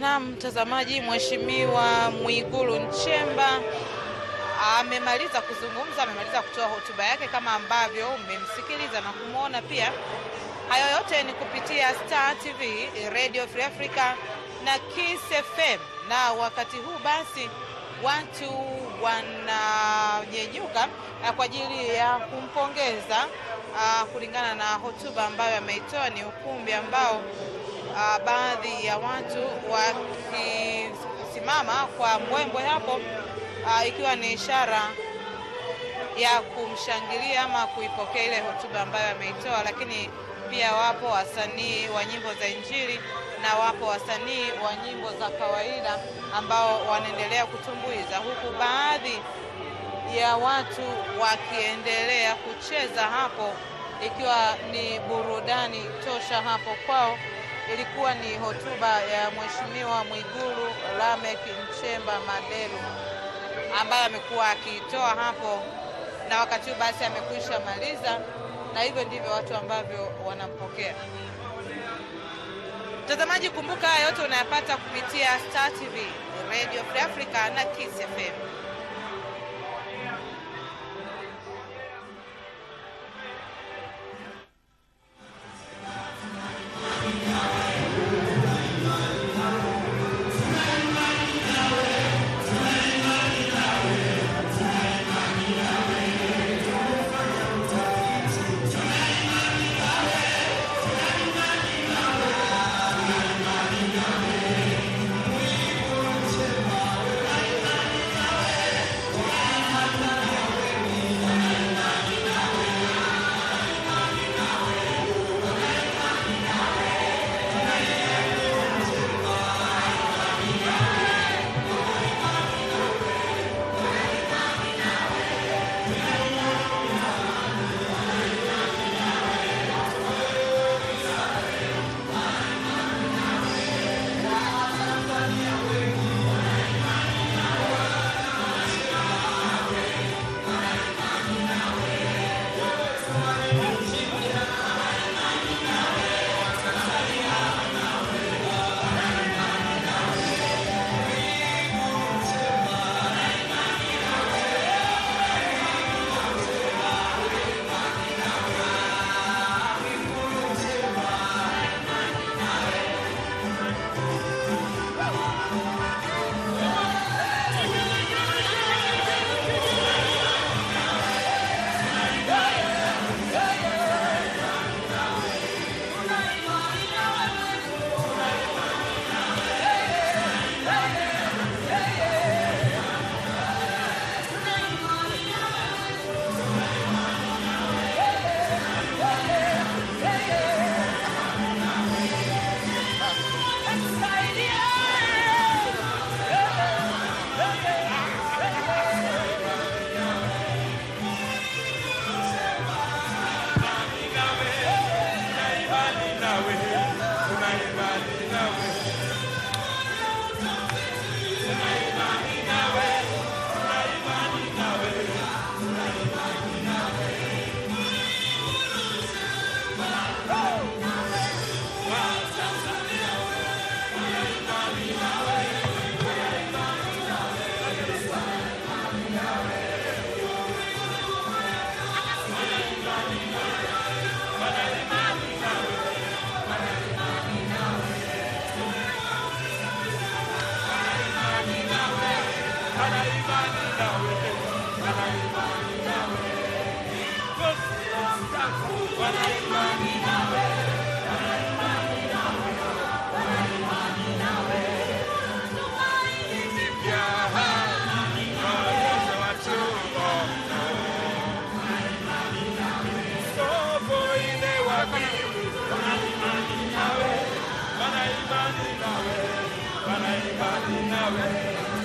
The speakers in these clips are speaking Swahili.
Naam, mtazamaji, Mheshimiwa Mwigulu Nchemba amemaliza kuzungumza, amemaliza kutoa hotuba yake kama ambavyo umemsikiliza na kumwona pia. Hayo yote ni kupitia Star TV, Radio Free Africa na Kiss FM, na wakati huu basi watu wananyenyuka kwa ajili ya kumpongeza ah, kulingana na hotuba ambayo ameitoa. Ni ukumbi ambao uh, baadhi ya watu wakisimama kwa mbwembwe hapo uh, ikiwa ni ishara ya kumshangilia ama kuipokea ile hotuba ambayo ameitoa, lakini pia wapo wasanii wa nyimbo za Injili na wapo wasanii wa nyimbo za kawaida ambao wanaendelea kutumbuiza huku baadhi ya watu wakiendelea kucheza hapo, ikiwa ni burudani tosha hapo kwao ilikuwa ni hotuba ya Mheshimiwa Mwigulu Lameck Nchemba Madelu ambaye amekuwa akiitoa hapo, na wakati huu basi amekwisha maliza, na hivyo ndivyo watu ambavyo wanampokea. Mtazamaji, kumbuka haya yote unayapata kupitia Star TV, Radio Free Africa na Kiss FM.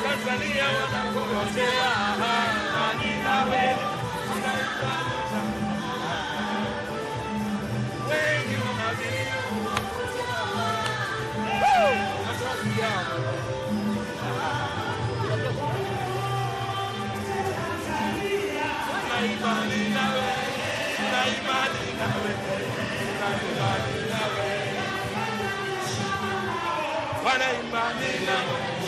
Tanzania wanakuongea Wana imani nawe